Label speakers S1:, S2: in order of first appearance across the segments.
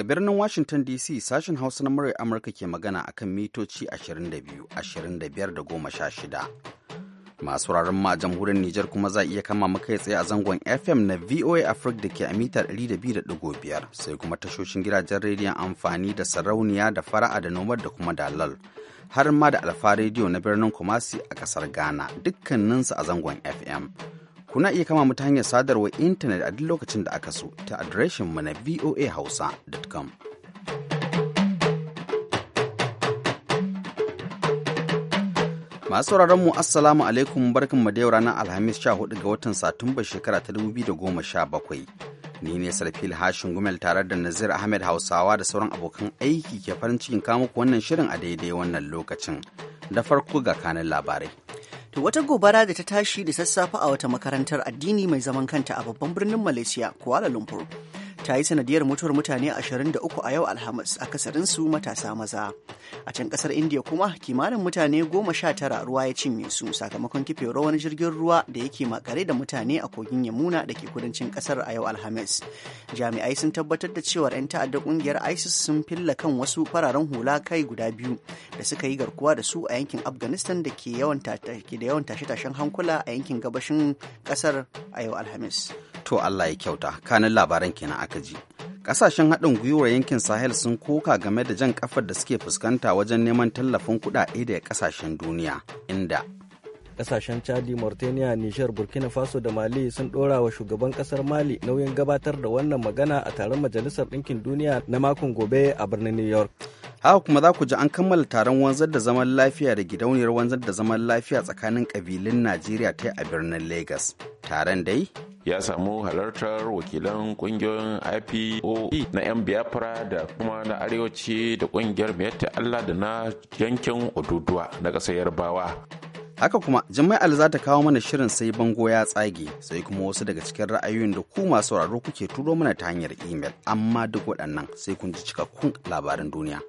S1: Daga birnin Washington DC sashen Hausa na murya Amurka ke magana a kan mitoci 22, 25 da 16. Masu rarun ma a jamhuriyar Nijar kuma za iya kama maka tsaye a zangon FM na VOA Africa da ke a mita 200.5 sai kuma tashoshin gidajen rediyon amfani da sarauniya da fara'a da nomar da kuma dalal. Har ma da alfa rediyo na birnin Kumasi a kasar Ghana dukkaninsu a zangon FM. kuna iya kama mu ta hanyar sadarwar intanet a duk lokacin da aka so ta adireshin mu na voahausa.com. Masu sauraron mu Assalamu alaikum barkan mu da yau ranar Alhamis 14 ga watan Satumba shekara ta 2017. Ni ne Sarfil Hashin Gumel tare da Nazir Ahmed Hausawa da sauran abokan aiki ke farin cikin kamuku wannan shirin a daidai wannan lokacin. Da farko ga kanin labarai. To wata
S2: gobara da ta tashi da sassafe a wata makarantar addini mai zaman kanta a babban birnin Malaysia, Kuala Lumpur, ta yi sanadiyar mutuwar mutane 23 a yau alhamis a su matasa maza a can kasar india kuma kimanin mutane 19 ruwa ya cinye su sakamakon kifewar wani jirgin ruwa da yake makare da mutane a kogin yamuna da ke kudancin kasar a yau alhamis jami'ai sun tabbatar da cewar 'yan ta'adda kungiyar isis sun filla kan wasu fararen hula kai guda biyu da suka yi garkuwa da su a yankin afghanistan da ke da yawan tashe-tashen hankula a yankin gabashin kasar a yau alhamis to
S1: allah ya kyauta kanin labaran kenan aka Ƙasashen kasashen haɗin gwiwar yankin sahel sun koka game da jan kafar da suke fuskanta wajen neman tallafin kuɗaɗe da ƙasashen duniya inda
S3: Ƙasashen chadi mauritania nijar burkina faso da mali sun ɗora wa shugaban ƙasar mali nauyin gabatar da wannan magana a taron majalisar ɗinkin duniya na makon gobe a birnin new york haka kuma
S1: za ku ji an kammala taron wanzar da zaman lafiya da gidauniyar wanzar da zaman lafiya tsakanin ƙabilun najeriya ta a birnin Legas,
S4: taron dai ya samu halartar wakilan kungiyoyin ipoe na 'yan biafra da kuma na arewaci da kungiyar miyatta allah da na yankin oduduwa na ƙasar yarbawa haka kuma al
S1: za ta kawo mana shirin sai bango ya tsage sai kuma wasu daga cikin ra'ayoyin da ku masu sauraro kuke turo mana ta hanyar imel amma duk waɗannan sai kun ji cikakkun labaran duniya.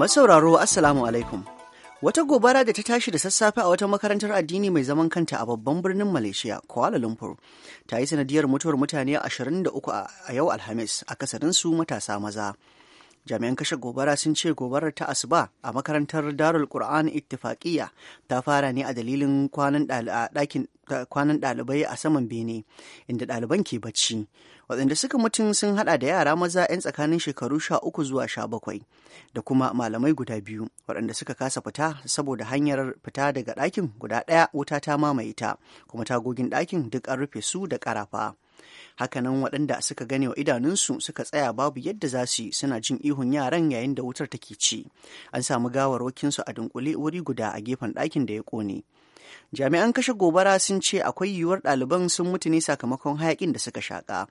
S2: Masauraro Assalamu alaikum. Wata gobara da ta tashi da sassafe a wata makarantar addini mai zaman kanta a babban birnin Malaysia, Kuala Lumpur, ta yi sanadiyar mutuwar mutane 23 a yau Alhamis, kasarin su matasa maza. jami'an kashe gobara sun ce gobarar ta asuba a makarantar darul qur'an ittifaqiyya ta fara ne a dalilin kwanan ɗalibai a saman bene inda ɗaliban ke bacci waɗanda suka mutum sun hada da yara maza 'yan tsakanin shekaru sha zuwa sha bakwai da kuma malamai guda biyu waɗanda suka kasa fita saboda hanyar fita daga ɗakin guda ɗaya wuta ta mamaye ta kuma tagogin ɗakin duk an rufe su da ƙarafa. hakanan waɗanda suka gane wa idanunsu suka tsaya babu yadda za su yi suna jin ihun yaran yayin da wutar take ci an samu gawarwakinsu a dunkule wuri guda a gefen ɗakin da ya ƙone jami'an kashe gobara sun ce akwai yiwuwar ɗaliban sun mutu ne sakamakon hayakin da suka shaƙa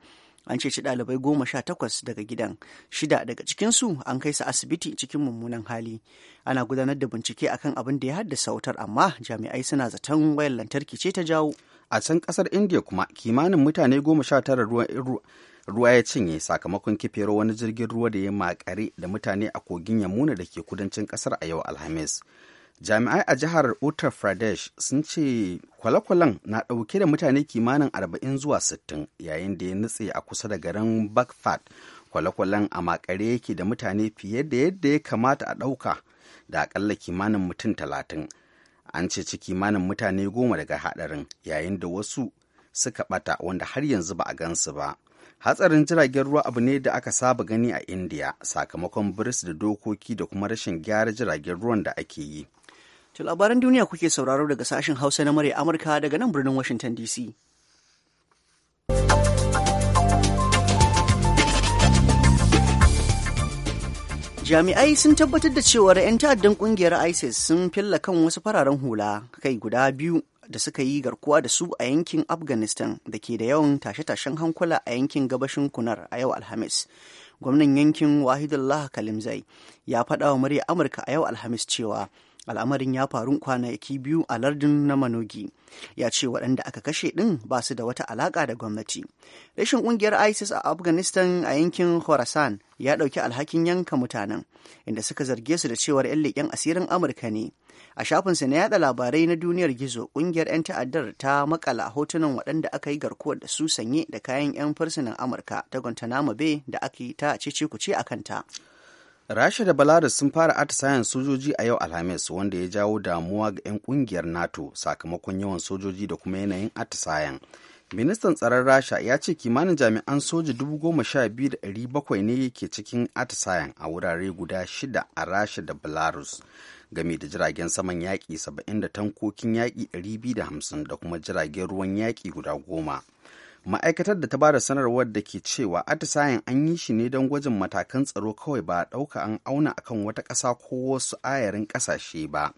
S2: an ce ci ɗalibai goma sha takwas daga gidan shida daga cikinsu an kai su asibiti cikin mummunan hali ana gudanar da bincike akan abin da ya haddasa wutar amma jami'ai suna zaton wayar lantarki ce ta jawo a can kasar
S1: india kuma kimanin mutane goma sha tara ruwa ya cinye sakamakon kifero wani jirgin ruwa da ya makare da mutane a kogin yamuna da ke kudancin kasar a yau alhamis jami'ai a jihar uttar pradesh sun ce kwale-kwalen na ɗauke da mutane kimanin arba'in zuwa sittin yayin da ya nutse a kusa da garin bakfat kwale-kwalen a makare yake da mutane fiye da yadda ya kamata a ɗauka da akalla kimanin mutum talatin an ce ceci kimanin mutane goma daga hadarin, yayin da wasu suka ɓata wanda har yanzu ba a gansu ba hatsarin jiragen ruwa abu ne da aka saba gani a India, sakamakon birs da dokoki da kuma rashin gyara jiragen ruwan da ake yi
S2: to labaran duniya kuke sauraro daga sashen hausa na murya amurka daga nan birnin washington dc jami'ai sun tabbatar da cewar 'yan ta'addan kungiyar isis sun filla kan wasu fararen hula kai guda biyu da suka yi garkuwa da su a yankin afghanistan da ke da yawan tashe-tashen hankula a yankin gabashin kunar a yau alhamis gwamnan yankin wahidullah kalimzai ya faɗa wa murya amurka a yau alhamis cewa al'amarin ya faru kwanaki biyu a lardin na manogi ya ce waɗanda aka kashe ɗin ba su da wata alaƙa da gwamnati rashin ƙungiyar isis a afghanistan a yankin khorasan ya ɗauki alhakin yanka mutanen inda suka zarge su da cewar 'yan leƙen asirin amurka ne a shafinsa na yada labarai na duniyar gizo ƙungiyar 'yan ta'addar ta makala hotunan waɗanda aka yi garkuwar da su sanye da kayan 'yan fursunan amurka ta guantanamo bay da aka yi ta cece ce a kanta
S1: Rasha da Belarus sun fara atisayen sojoji a yau Alhamis wanda ya jawo damuwa ga 'yan kungiyar NATO sakamakon yawan sojoji da kuma yanayin atisayen. Ministan tsaron Rasha ya ce kimanin jami'an soja bakwai ne ke cikin atisayen a wurare guda shida a Rasha da Belarus. game da jiragen saman yaƙi 70 da tankokin yaƙi 250 da kuma jiragen ruwan yaƙi guda goma. ma'aikatar da ta ba da sanarwar da ke cewa atisayen an yi shi ne don gwajin matakan tsaro kawai ba a ɗauka an auna akan wata ƙasa ko wasu ayarin ƙasashe ba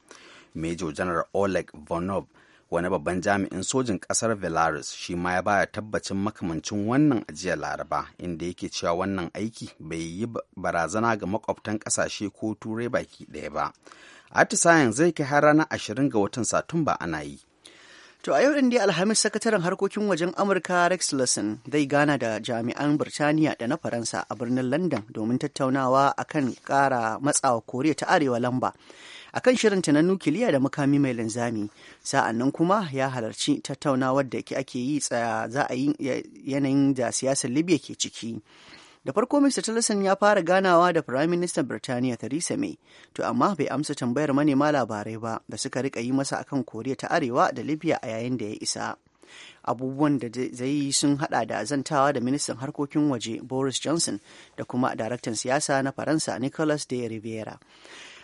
S1: major general oleg vonov wani babban jami'in sojin ƙasar belarus shi ma ya baya tabbacin makamancin wannan ajiyar laraba inda yake cewa wannan aiki bai yi barazana ga makwabtan ƙasashe ko turai baki ɗaya ba atisayen zai
S2: kai har ranar ashirin ga watan satumba ana yi To a yau din dai Alhamis sakataren harkokin wajen Amurka Rex lesson zai gana da jami'an Birtaniya da na Faransa a birnin London domin tattaunawa akan kara matsawa Koriya ta Arewa lamba akan shirin ta na nukiliya da makami mai linzami. Sa'an nan kuma ya halarci tattaunawar da ake yi tsaya za a yi yanayin da siyasar Libya ke ciki. Da farko Mr. Tillerson ya fara ganawa da prime minister Birtaniya Theresa May, to amma bai amsa tambayar manema labarai ba da suka rika yi masa akan Koriya ta Arewa da Libya a yayin da ya isa. abubuwan da zai yi sun hada da zantawa da ministan harkokin waje boris johnson da kuma daraktan siyasa na faransa nicolas de rivera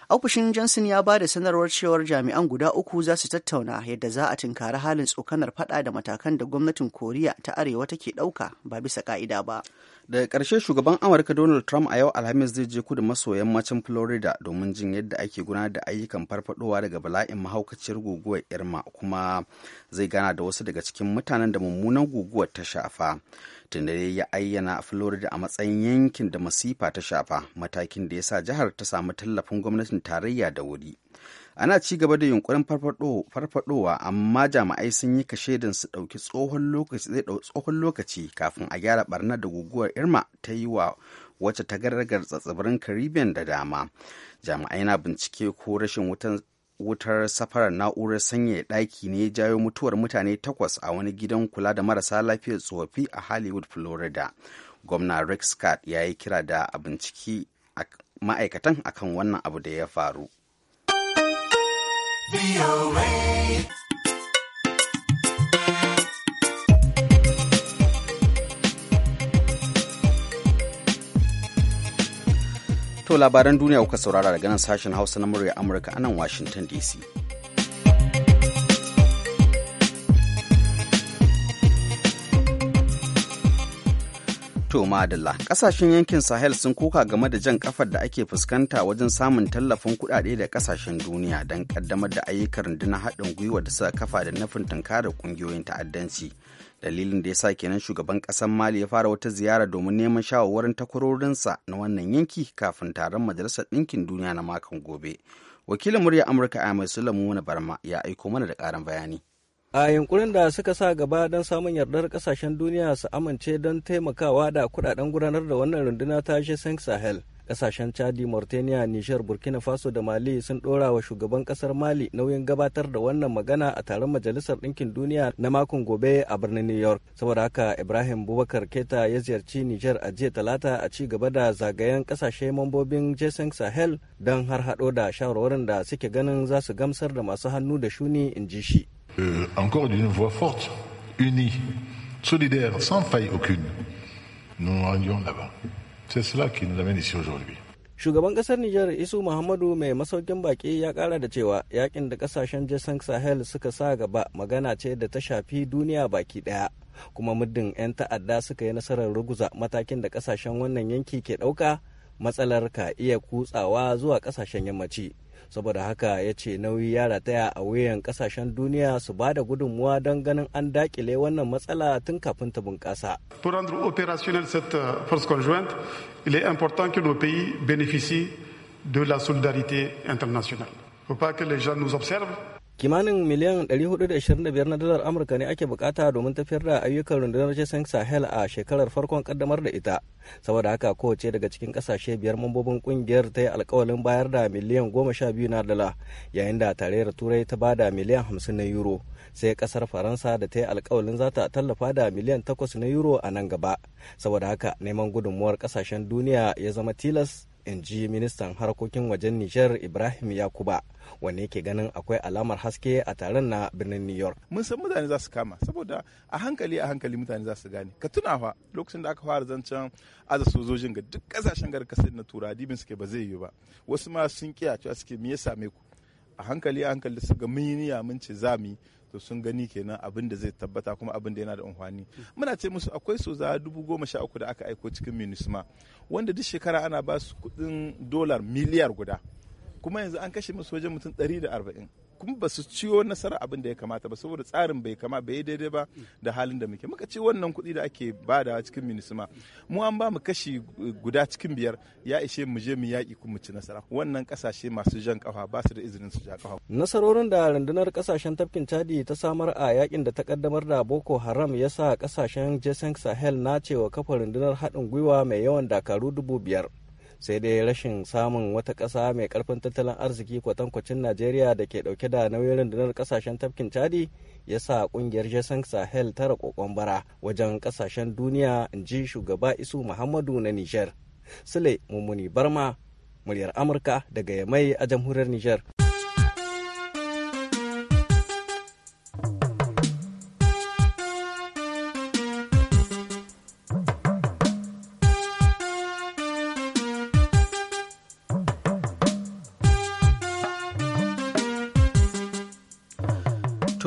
S2: Ofishin Johnson ya ba da sanarwar cewar jami'an guda uku za su tattauna yadda za a tunkari halin tsokanar fada da matakan da gwamnatin Koriya ta Arewa take ɗauka ba bisa ka'ida ba. Daga ƙarshe
S1: shugaban Amurka Donald Trump a yau Alhamis zai je kudu maso yammacin Florida domin jin yadda ake gudanar da ayyukan farfadowa daga bala'in mahaukaciyar guguwar Irma kuma zai gana da wasu daga cikin mutanen da mummunan guguwar ta shafa. tunda ya ayyana florida a matsayin yankin da masifa ta shafa matakin da ya sa jihar ta samu tallafin gwamnatin tarayya da wuri ana ci gaba da yunkurin farfadowa amma jami'ai sun yi kashe da su ɗauki tsohon lokaci kafin a gyara barna da guguwar irma ta yi wa wacce ta gargar tsatsibirin caribbean da dama jami'ai na bincike ko rashin wutan wutar safarar na'urar sanyaya ɗaki ne ya jawo mutuwar mutane takwas a wani gidan kula da marasa lafiyar tsofaffi a hollywood florida gwamna rick scott ya yi kira da a binciki ma'aikatan akan wannan abu da ya faru. To labaran duniya kuka saurara daga nan sashen Hausa na murya Amurka a nan Washington DC. To madalla, kasashen yankin Sahel sun koka game da jan kafar da ake fuskanta wajen samun tallafin kudade da kasashen duniya don kaddamar da ayyukan rundunar haɗin gwiwa da suka kafa da nufin tunkarar ƙungiyoyin ta'addanci. dalilin da ya sa kenan shugaban ƙasar mali ya fara wata ziyara domin neman shawarwarin takwarorinsa na wannan yanki kafin taron majalisar ɗinkin duniya na makon gobe wakilin murya amurka a
S3: mai sulamu barma ya aiko mana da ƙarin bayani a yunkurin da suka sa gaba don samun yardar kasashen duniya su amince don taimakawa da kudaden gudanar da wannan runduna ta g sahel kasashen Chadi, Mauritania, niger Burkina Faso da Mali sun ɗora wa shugaban kasar Mali nauyin gabatar da wannan magana a taron Majalisar Ɗinkin Duniya na makon gobe a birnin New York. Saboda haka Ibrahim Bubakar Keta ya ziyarci niger a jiya Talata a ci gaba da zagayen kasashe mambobin Jason Sahel don har haɗo da shawarwarin da suke ganin za su gamsar da masu hannu da shuni in ji shi.
S5: Euh, encore
S3: d'une voix forte,
S5: unie,
S4: solidaire, sans faille aucune. Nous rendions là-bas. sai sulaki
S5: na
S3: Shugaban kasar niger Isu Muhammadu mai masaukin baki ya kara da cewa yakin da kasashen jason Sahel suka sa gaba magana ce da ta shafi duniya baki daya. Kuma muddin 'yan ta'adda suka yi nasarar ruguza matakin da kasashen wannan yanki ke ɗauka matsalar ka iya kutsawa zuwa kasashen yammaci. saboda haka ya ce nauyi ya rataya a wuyan kasashen duniya su ba da gudunmuwa don ganin an dakile wannan matsala tun kafin ta bunƙasa.
S4: Pour rendre opérationnelle cette euh, force conjointe, il est important que nos pays bénéficient de la solidarité internationale. faut pas que les gens
S3: nous observent kimanin miliyan 425 na dalar amurka ne ake bukata domin tafiyar da ayyukan rundunar jason sahel a shekarar farkon kaddamar da ita saboda haka kowace daga cikin kasashe biyar mambobin kungiyar ta yi alkawalin bayar da miliyan 12 na dala yayin da tarayyar turai ta bada miliyan 50 na euro sai kasar faransa da ta yi alkawalin za ta tallafa da miliyan 8 na euro a nan gaba saboda haka neman gudunmuwar kasashen duniya ya zama tilas in ji ministan harkokin wajen Nijar Ibrahim Yakuba wanne ke ganin
S4: akwai alamar haske a taron na birnin New York. Mun san mutane za su kama saboda a hankali a hankali mutane za su gane. Ka tuna fa lokacin da aka fara zancen aza sojojin ga duk kasashen garkasar na tura dibin suke ba zai yi ba. Wasu ma sun kiyace suke me yasa same ku. A hankali a hankali su mun yi niyya mun ce za mu yi to sun gani kenan abin da zai tabbata kuma abin da yana da amfani muna ce musu akwai su za dubu goma sha uku da aka aiko cikin minisma wanda duk shekara ana ba su kuɗin dolar miliyar guda kuma yanzu an kashe musu wajen mutum ɗari da arba'in kuma ba su ciyo nasara abin da ya kamata ba saboda tsarin bai kama bai daidai ba da halin da muke muka ce wannan kuɗi da ake bada cikin minisma mu an ba mu kashi guda cikin biyar ya ishe mu je mu yaƙi kuma mu ci nasara wannan kasashe masu jan kafa ba su da izinin su ja kafa
S3: nasarorin da rundunar kasashen tafkin chadi ta samar a yakin da ta kaddamar da boko haram ya sa kasashen jason sahel na cewa kafa rundunar haɗin gwiwa mai yawan dakaru dubu biyar sai dai rashin samun wata ƙasa mai ƙarfin tattalin arziki kwatankwacin najeriya da ke ɗauke da nauyin rundunar ƙasashen tafkin chadi ya sa ƙungiyar jason sahel tara ƙoƙon bara wajen ƙasashen duniya in ji shugaba isu muhammadu na niger sule mummuni barma muryar amurka daga yamai a jamhuriyar niger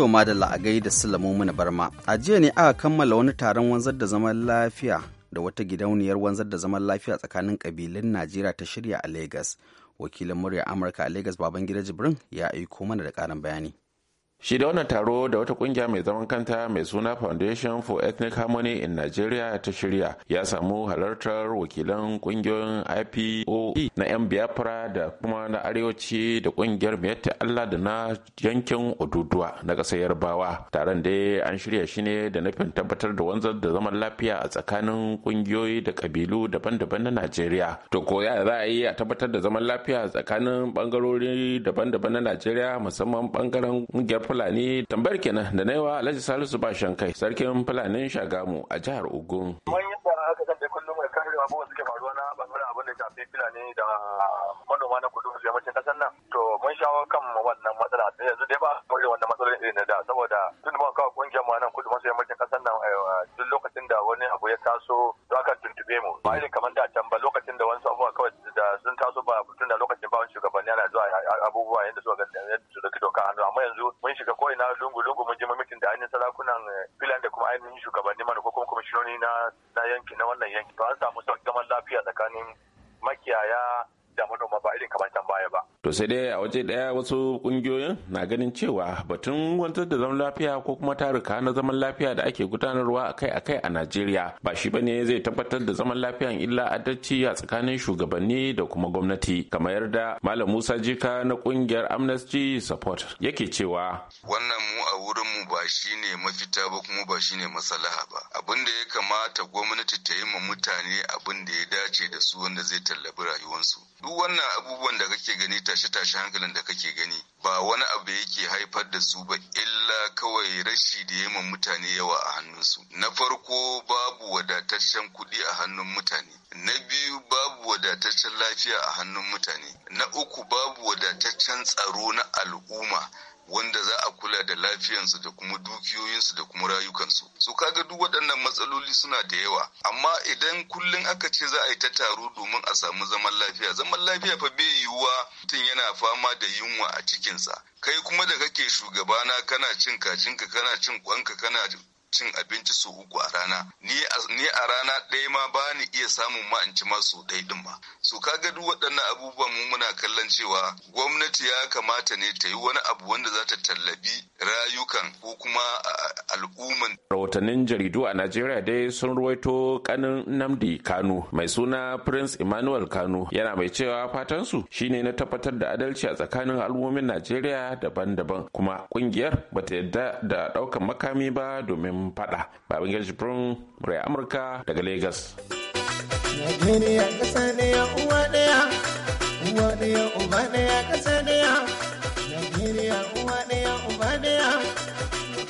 S1: To madalla a gai da Sulamu muna barma. A jiya ne aka kammala wani taron wanzar da zaman lafiya da wata gidauniyar wanzar da zaman lafiya tsakanin kabilun Najeriya ta shirya a Legas. Wakilin murya Amurka a Legas Babangida Jibrin ya aiko mana da ƙarin bayani.
S4: shi da wannan taro da wata kungiya mai zaman kanta mai suna foundation for ethnic harmony in nigeria ta shirya ya samu halartar wakilan kungiyoyin ipoe na yan biafra da kuma na arewaci da kungiyar miyatta allah da na yankin oduduwa na ƙasar yarbawa taron dai an shirya shi ne da nufin tabbatar da wanzar da zaman lafiya a tsakanin kungiyoyi da kabilu daban-daban na nigeria to ko ya za a yi a tabbatar da zaman lafiya tsakanin bangarori daban-daban na Najeriya, musamman bangaren kungiyar fulani tambayar kenan da na yi wa alhaji salisu ba kai sarkin fulanin shagamu a jihar ogun mun yi tsaron haka kan kullum mai kare abubuwan suke faruwa na bangaren abin da shafi fulani da
S6: manoma na kudu masu yammacin kasar nan to mun shawo kan wannan matsala
S7: yanzu dai ba kawai wannan matsalolin irin da saboda tun ba
S6: mu da ainihin sarakunan eh, filan da kuma ainihin shugabanni mana ko kuma kwamishinoni na yanki na wannan yanki to an samu zaman lafiya tsakanin makiyaya da manoma ba irin
S4: kamar can baya ba to sai dai a waje daya wasu kungiyoyin na ganin cewa batun wanzar da zaman lafiya ko kuma taruka na zaman lafiya da ake gudanarwa akai akai a najeriya ba shi bane zai tabbatar da zaman lafiyan illa adalci a tsakanin shugabanni da kuma gwamnati kamar yarda malam musa jika na kungiyar amnesty support yake cewa
S7: wannan mu a wurin mu ba shine mafita ba kuma ba shine maslaha ba abin da ya kamata gwamnati ta yi ma mutane abin da ya dace da su wanda zai tallabi rayuwarsu duk wannan abubuwan da kake gani tashe-tashe hankalin da kake gani ba wani abu yake haifar da su ba illa kawai rashi da yawan mutane yawa a hannunsu na farko babu wadataccen kuɗi a hannun mutane na biyu babu wadataccen lafiya a hannun mutane na uku babu wadataccen tsaro na al'umma wanda za a kula da lafiyansu da kuma dukiyoyinsu da kuma rayukansu su kaga duk waɗannan matsaloli suna da yawa amma idan kullum aka ce za a yi ta taro domin a samu zaman lafiya zaman lafiya fa bai yiwuwa mutum yana fama da yunwa a cikinsa kai kuma da kake shugabana kana cin kajinka kana cin kwanka kana cin abinci su uku a rana ni a rana ɗaya ma ba ni iya samun ma masu ci su ka ɗin ma su kaga duk waɗannan abubuwan mu muna kallon cewa gwamnati ya kamata ne ta yi wani abu wanda za ta
S4: tallabi rayukan ko kuma al'umman rahotannin jaridu a najeriya dai sun ruwaito kanin namdi kanu mai suna prince emmanuel Kano. yana mai cewa fatan su shine na tabbatar da adalci a tsakanin al'ummomin najeriya daban-daban kuma kungiyar bata yarda da ɗaukan makami ba domin fagen fada babangida jibrin amurka daga lagos
S5: Najeriya ƙasa ɗaya uwa ɗaya, uwa ɗaya uba ɗaya ƙasa ɗaya. Najeriya uwa ɗaya uba ɗaya.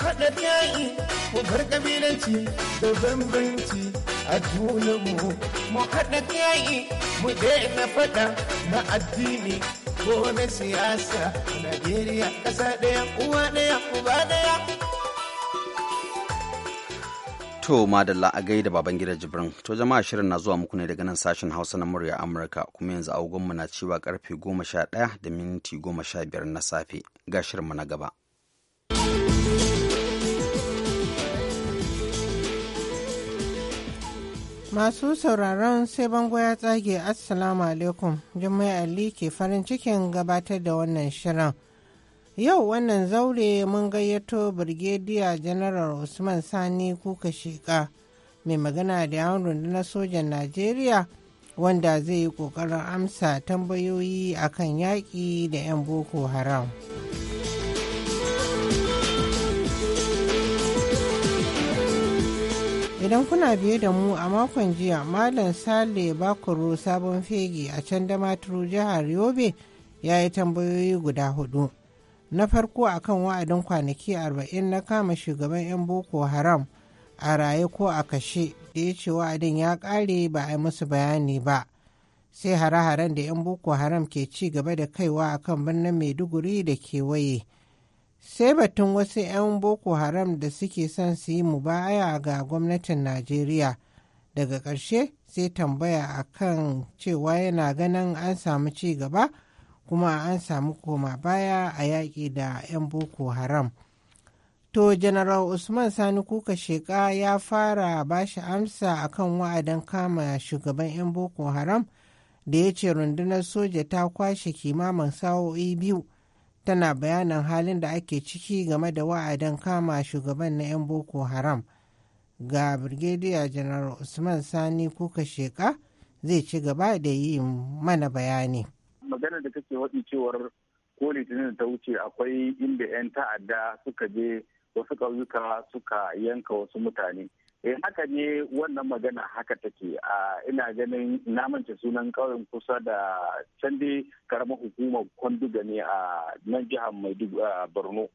S5: Haɗa yayi ku bar ƙabilanci da bambanci a junanmu. Mu haɗa yayi mu daina faɗa na addini ko na siyasa. Najeriya ƙasa ɗaya uwa ɗaya uba ɗaya.
S1: To madalla a gaida baban gida jibrin to jama'a shirin na zuwa muku ne daga nan sashen hausa na murya amurka kuma yanzu agogonmu na cewa karfe goma sha ɗaya da minti goma sha biyar na safe ga shirin mu na gaba.
S5: Masu sauraron sai bango ya tsage Assalamu alaikum, Jummai Ali ke farin cikin gabatar da wannan shirin. Yau wannan zaure mun gayyato Birgediya Janaral Usman Sani kuka shiƙa mai magana da yawon rundunar sojan Najeriya wanda zai yi ƙoƙarin amsa tambayoyi a kan yaƙi da 'yan Boko Haram. idan kuna biye da mu a makon jiya malam sale bakoro sabon fegi a can damaturu jihar yobe ya yi tambayoyi guda hudu na farko akan wa'adin kwanaki 40 na kama shugaban 'yan boko haram a raye ko a kashe da ya ce wa'adin ya ƙare ba a yi musu bayani ba sai hare-haren da 'yan boko haram ke ci gaba da kaiwa a kan birnin maiduguri da kewaye sai batun wasu 'yan boko haram da suke son su yi mubaya ga gwamnatin najeriya daga ƙarshe sai tambaya a kan cewa yana ganin an samu ci gaba. kuma an samu koma baya a yaƙi da 'yan boko haram to general usman sani kuka sheka ya fara bashi amsa a kan wa'adan kama shugaban 'yan boko haram da ya ce rundunar soja ta kwashe kimamin sa'o'i biyu tana bayanin halin da ake ciki game da wa'adan kama shugaban na 'yan boko haram ga brigadier general usman sani kuka sheka zai ci gaba da yi mana bayani.
S6: magana da kake waɗi cewar ko litinin ta wuce akwai inda 'yan ta'adda suka je wasu ƙauyuka suka yanka wasu mutane eh haka ne wannan magana haka take a ina ganin namance sunan ƙauyen kusa da can dai karamar hukumar kwanduga ne a nan jihar borno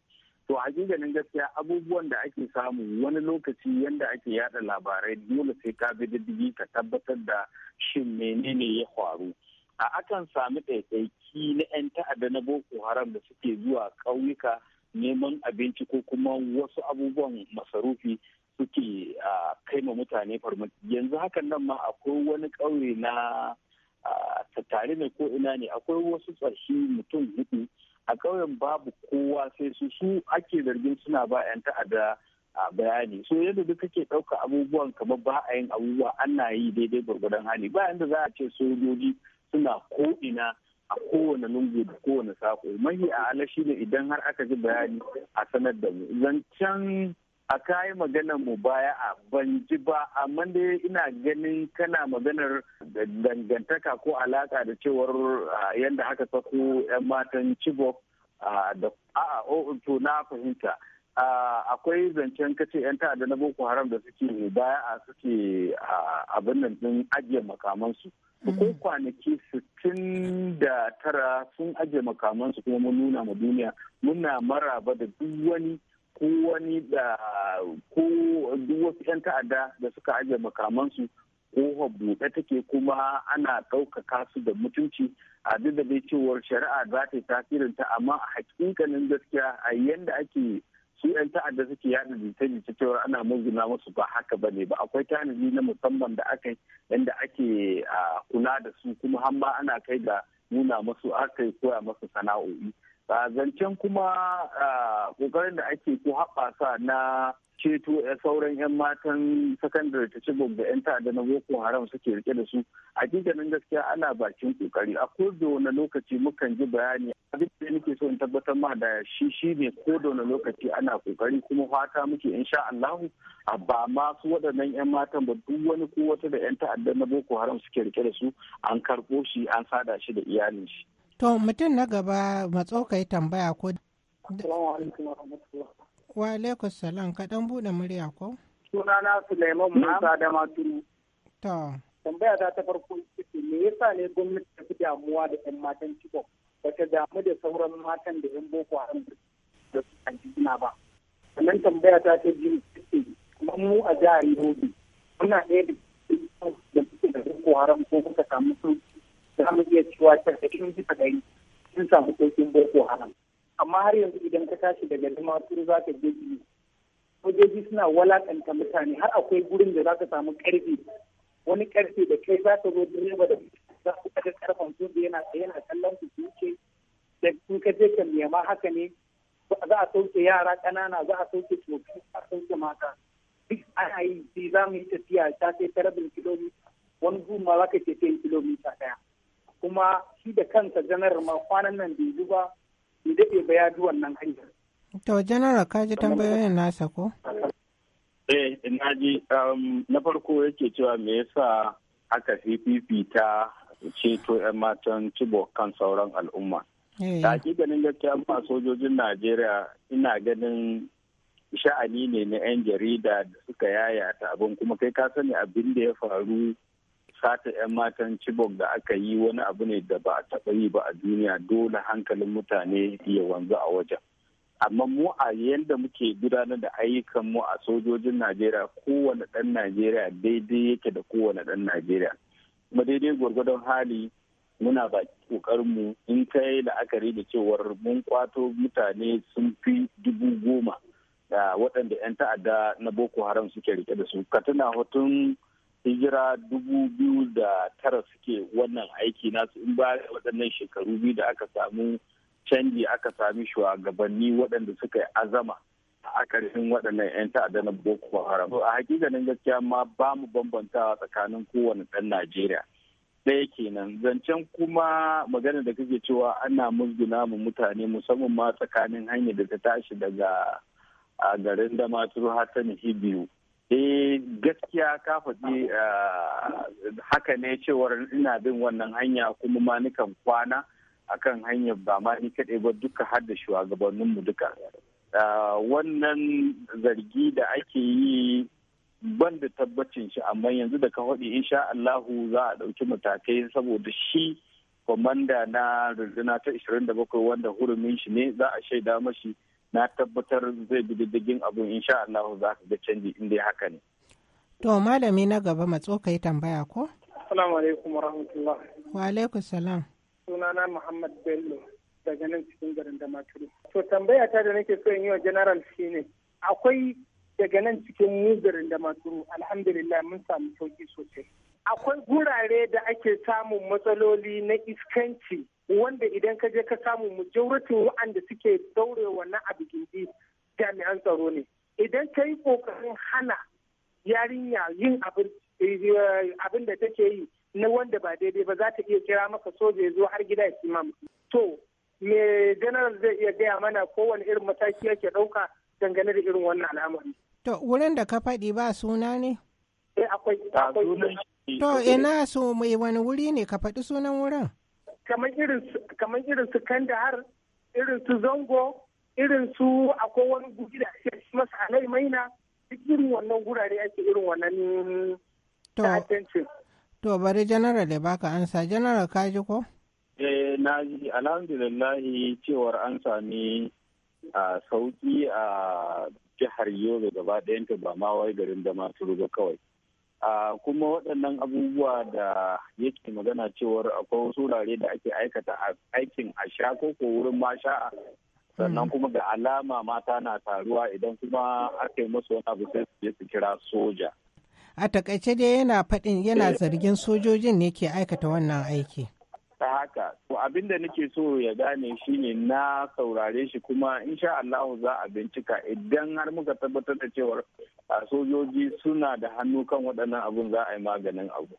S6: to hakikanin gaskiya abubuwan da ake samu wani lokaci yadda ake yada labarai dole sai ka bi diddigi ka tabbatar da shin menene ya faru a akan sami ɗaiɗaiki na 'yan ta'adda na boko haram da suke zuwa ƙauyuka neman abinci ko kuma wasu abubuwan masarufi suke kai ma mutane farmaki yanzu hakan nan ma akwai wani ƙauye na tattare da ko ina ne akwai wasu tsarshi mutum hudu a ƙauyen babu kowa sai su su ake zargin suna ba 'yan ta'adda a bayani so yadda duk kake ɗauka abubuwan kamar ba a yin abubuwa ana yi daidai gwargwadon hali bayan da za a ce sojoji suna ko'ina a kowane lungu da kowane sako mahi a ala shine idan har aka ji bayani a sanar da mu zancen a kayi maganar mu baya a ban ji ba amma dai ina ganin kana maganar dangantaka ko alaka da cewar yadda haka sako 'yan matan chibok da a'a to na fahimta akwai zancen kace 'yan ta'adda na boko haram da suke baya a suke abin nan din ajiye makamansu ko mm. kwanaki sittin da tara sun ajiye makamansu kuma mun nuna ma duniya muna maraba da duk wani ko wani da ko duk wasu 'yan ta'adda da suka ajiye makamansu ko buɗe take kuma ana ɗaukaka su da mutunci a duk da dai cewar shari'a za ta yi tasirinta amma a hakikanin gaskiya a yanda ake su 'yan ta'adda suke yada jita-jita cewar ana muzuna musu ba haka bane ba akwai tanadi na musamman da aka yi yadda ake ah, kula da su kuma har ana kai da nuna musu aka koya musu sana'o'i zancen kuma kokarin da ake ko haɓasa na ceto sauran 'yan matan sakandare ta cibok da 'yan ta'adda na boko haram suke rike da su a hakikanin gaskiya ana bakin kokari a da wani lokaci mukan ji bayani abin da nake so in tabbatar ma da shi shi ne ko da wani lokaci ana kokari kuma fata muke in insha Allahu ba ma su waɗannan 'yan matan ba duk wani ko wata da 'yan ta'adda na boko haram suke rike da su an karɓo shi an sada shi da iyalin shi
S5: To mutum na gaba ka yi tambaya ko. Wa alaikum salam kaɗan buɗe murya ko.
S6: na Suleiman Musa da Matu. To. Tambaya ta farko ita me yasa ne gwamnati ta fi damuwa da 'yan matan ciko ba ta damu da sauran matan da 'yan Boko Haram da su a jikina ba. Sannan tambaya ta ta biyu ita kamar mu a jihar Yobe muna ɗaya da da Boko Haram ko kuka samu su za mu iya cewa tasa'in ji ɗari sun samu sauƙin boko haram amma har yanzu idan ka tashi daga damaturu za ka je biyu sojoji suna walakanta mutane har akwai gurin da za ka samu ƙarfi wani ƙarfe da kai za ka zo direba da za ku kaga ƙarfen su yana yana kallon su wuce da kun ka je kan nema haka ne za a sauke yara ƙanana za a sauke tsofi a sauke mata duk ana yi za mu yi tafiya ta sai ta rabin kilomita wani guma za ka ce kilomita ɗaya kuma shi da kansa janar ma kwanan nan bai zuba bai daɗe ba ya wannan
S5: hanyar. To janar ka ji tambayoyin nasa ko?
S6: Eh na ji um, na farko yake cewa me yasa aka fifita ceto 'yan matan cibo kan sauran al'umma. Da eh. ganin gaskiya ba sojojin Najeriya ina ganin sha'ani ne na 'yan jarida da suka yayata abin kuma kai ka sani abin da ya faru sata 'yan matan cibok da aka yi wani abu ne da ba a taɓa yi ba a duniya dole hankalin mutane ya wanzu a wajen. Amma mu a yadda muke gudanar da ayyukan mu a sojojin Najeriya kowane ɗan Najeriya daidai yake da kowane ɗan Najeriya. Kuma daidai gwargwadon hali muna ba mu in kai la'akari da cewar mun kwato mutane sun fi dubu goma da waɗanda 'yan ta'adda na Boko Haram suke rike da su. Ka tuna hotun hijira dubu biyu da tara suke wannan aiki nasu in ba waɗannan shekaru biyu da aka samu canji aka sami shugabanni waɗanda suka yi azama a ƙarshen waɗannan 'yan ta'adda na boko haram a hakikanin gaskiya ma ba mu bambantawa tsakanin kowane ɗan najeriya ɗaya kenan zancen kuma magana da kake cewa ana musguna mu mutane musamman ma tsakanin hanyar da ta tashi daga a garin damaturu har ta biyu eh gaskiya ka faɗi eh, haka ne cewar ina bin wannan hanya kuma ma nikan kwana akan hanyar ba ma ni kaɗai ba duka har da shugabanninmu duka eh, wannan zargi da ake yi ban da tabbacin shi amma yanzu da ka faɗi insha Allahu za a ɗauki matakai saboda shi kwamanda na rundunar ta 27 wanda hurumin shi ne za a shaida mashi na tabbatar zai bi diddigin abun insha Allah za ka ga canji in dai haka ne.
S5: To malami na gaba matso ka yi tambaya ko?
S6: Assalamu alaikum wa rahmatullah.
S5: Wa alaikum salam.
S6: Sunana Muhammad Bello daga nan cikin garin Damaturu. To tambaya ta da nake so in yi wa general shine akwai daga nan cikin mu garin Damaturu alhamdulillah mun samu sauki sosai. Akwai gurare da ake samun matsaloli na iskanci wanda idan ka je ka samu majoratin wa'anda suke daure wannan abu gindi jami'an tsaro ne idan ka yi kokarin hana yarinya yin eh, abin da take yi na wanda ba daidai ba za ta iya kira maka soja ya zo har gida ya ci ma to me general zai iya gaya mana kowane irin mataki yake ɗauka dangane da irin wannan al'amari
S5: to wurin da ka faɗi ba suna ne
S6: eh akwai to ina
S5: so mai wani wuri ne ka faɗi sunan wurin kamar irin su kandahar irin su zango irin su
S6: akwai wani guri da ake shi masa alai maina duk irin wannan gurare ake irin
S5: wannan ta'addancin. To bari janaral da baka ansa janaral ka ji ko?
S6: Eh na ji alhamdulillahi cewar an sami a sauki a jihar Yobe gaba ɗayanta ba ma wai garin da masu ruga kawai. kuma waɗannan abubuwa da yake magana cewar akwai wasu wurare da ake aikata aikin a sha ko wurin ma sha'a sannan mm. kuma ga alama mata na taruwa idan kuma aka yi musu wani abu sai su je su kira soja
S5: a takaice dai yana faɗin yana eh. zargin sojojin ne ke aikata wannan aiki
S6: ta haka to abin da nake so ya gane shine na saurare shi kuma insha Allah za a bincika idan har muka tabbatar da cewar sojoji suna da hannu kan waɗannan abun za a yi maganin abu.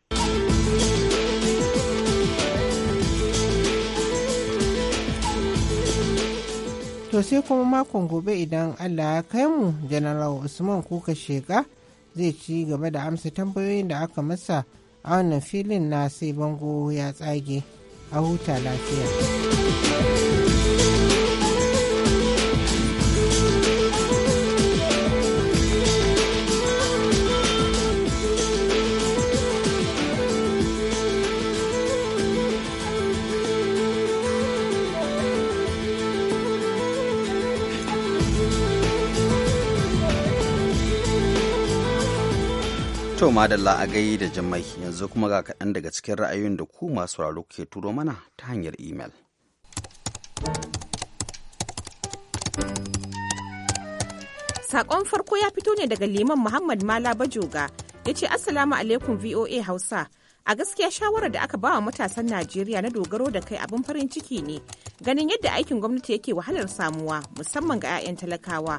S5: To sai kuma makon gobe idan Allah ya kai mu General Usman kuka sheka zai ci gaba da amsa tambayoyin da aka masa a wannan filin na sai bango ya tsage. 欧在拉线。
S1: To madalla a gai da jimai yanzu kuma ga kaɗan daga cikin ra'ayoyin da ku masu raro ke turo mana ta hanyar imel.
S8: Sakon farko ya fito ne daga Liman Muhammad Mala Bajoga ya ce Assalamu alaikum VOA Hausa. A gaskiya shawarar da aka bawa matasan Najeriya na dogaro da kai abin farin ciki ne ganin yadda aikin gwamnati yake wahalar samuwa musamman ga 'ya'yan talakawa.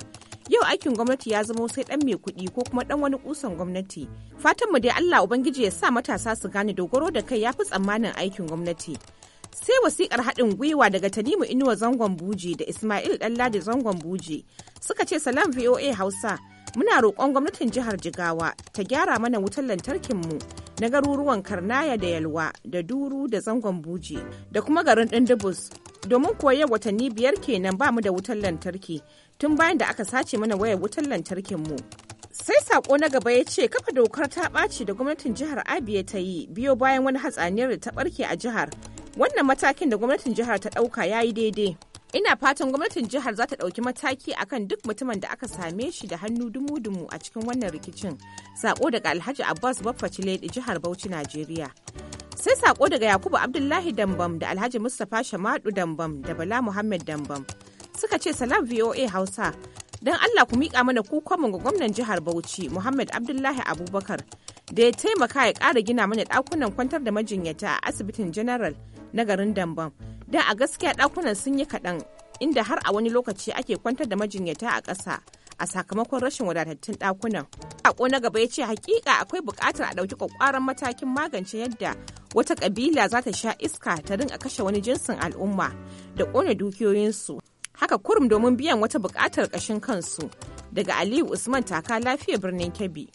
S8: yau aikin gwamnati ya zama sai dan mai kuɗi ko kuma dan wani kusan gwamnati fatan mu dai Allah ubangiji ya sa matasa su gane dogaro da kai yafi tsammanin aikin gwamnati sai wasikar haɗin gwiwa daga Tanimu Inuwa zangon Buje da Ismail da zangon Buje suka ce salam VOA Hausa muna roƙon gwamnatin jihar Jigawa ta gyara mana wutar lantarkin mu na garuruwan Karnaya da Yalwa da Duru da zangon Buje da kuma garin Dindibus domin koya watanni biyar kenan ba mu da wutar lantarki tun bayan da aka sace mana wayar wutar mu Sai sako na gaba ya ce kafa dokar ta ɓaci da gwamnatin jihar Abia ta yi biyo bayan wani hatsaniyar da ta ɓarke a jihar. Wannan matakin da gwamnatin jihar ta ɗauka ya yi daidai. Ina fatan gwamnatin jihar za ta ɗauki mataki akan duk mutumin da aka same shi da hannu dumu-dumu a cikin wannan rikicin. Sako daga Alhaji Abbas Baffa Ciledi jihar Bauchi, Najeriya. sai sako daga yakubu abdullahi dambam da alhaji mustapha shamadu dambam da bala muhammad dambam suka ce salam VOA Hausa. Don Allah ku miƙa mana mu ga gwamnan jihar Bauchi Muhammad Abdullahi Abubakar da ya taimaka ya ƙara gina mana ɗakunan kwantar da majinyata a asibitin General na garin Dambam. don a gaskiya ɗakunan sun yi kaɗan inda har a wani lokaci ake kwantar da majinyata a ƙasa a sakamakon rashin wadatattun ɗakunan. Ako na gaba ya ce hakika akwai buƙatar a ɗauki ƙwaƙwaran matakin magance yadda wata ƙabila za ta sha iska ta rinka kashe wani jinsin al'umma da ƙone dukiyoyinsu haka kurum domin biyan wata bukatar ƙashin kansu daga aliyu usman taka lafiya birnin kebbi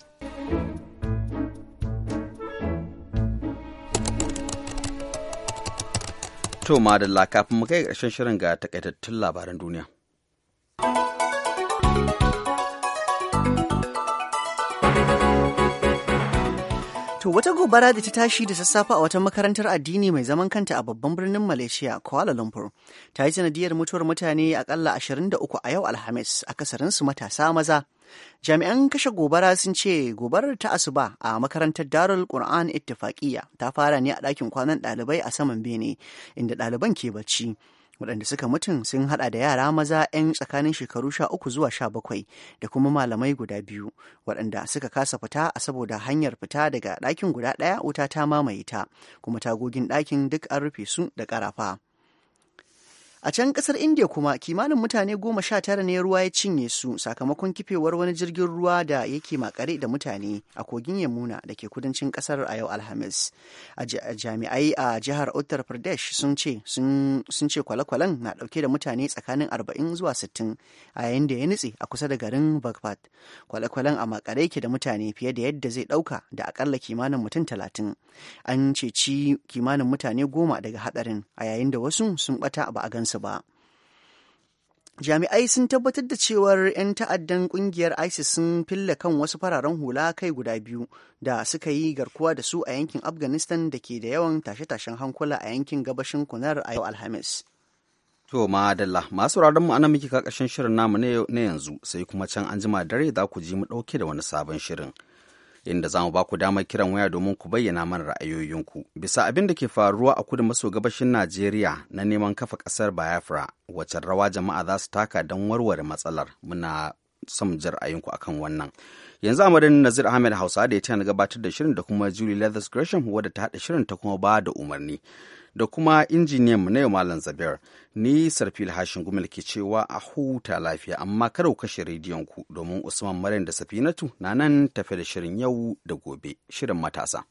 S1: to madalla kafin mu kai ƙarshen shirin ga takaitattun labaran duniya
S2: To wata gobara da ta tashi da sassafe a wata makarantar addini mai zaman kanta a babban birnin Malaysia, Kuala Lumpur, ta yi sanadiyar mutuwar mutane akalla 23 a yau Alhamis, a su matasa maza. Jami'an kashe gobara sun ce gobarar ta asuba a makarantar Darul Qur'an Ittifaqiya ta fara ne a ɗakin kwanan ɗalibai a saman bene, inda ɗaliban ke bacci. waɗanda suka mutum sun hada da yara maza 'yan tsakanin shekaru sha uku zuwa sha bakwai da kuma malamai guda biyu waɗanda suka kasa fita a saboda hanyar fita daga ɗakin guda ɗaya wuta ta mamaye ta kuma tagogin ɗakin duk an rufe su da ƙarafa. A can kasar India kuma kimanin mutane goma sha tara ne ruwa ya cinye su sakamakon kifewar wani jirgin ruwa da yake makare da mutane a kogin Yamuna da ke kudancin kasar a yau Alhamis. A jami'ai a jihar Uttar Pradesh sun ce sun kwale-kwalen na dauke da mutane tsakanin 40 zuwa 60 a yayin da ya nutse a kusa da garin Bagpat. Kwale-kwalen a makare yake da mutane fiye da yadda zai dauka da akalla kimanin mutum talatin An ce ci kimanin mutane goma daga hadarin a yayin da wasu sun bata ba a gansu su ba. Jami'ai sun tabbatar da cewar 'yan ta'addan kungiyar ISIS sun fille kan wasu fararen hula kai guda biyu da suka yi garkuwa da su a yankin Afghanistan da ke da yawan tashe-tashen hankula a yankin gabashin Kunar a yau Alhamis.
S1: To madalla masu mu ana muke kakashin shirin namu na yanzu sai kuma can an jima dare za ku ji mu ɗauke da wani sabon shirin. inda za mu ba ku damar kiran waya domin ku bayyana mana ra'ayoyinku bisa abin da ke faruwa a kudu maso gabashin najeriya na neman kafa ƙasar biafra wacce rawa jama'a za su taka don warware matsalar muna son jin ra'ayinku akan wannan yanzu amarin nazir ahmed hausa da ya tana gabatar da shirin da kuma julie leathers gresham wadda ta haɗa shirin ta kuma ba da umarni da kuma injiniyan mu na yau malam zabir ni sarfil hashin gumel ke cewa a huta lafiya amma kada ku kashe rediyon ku domin usman maryam da safinatu na nan tafe da shirin yau da gobe shirin matasa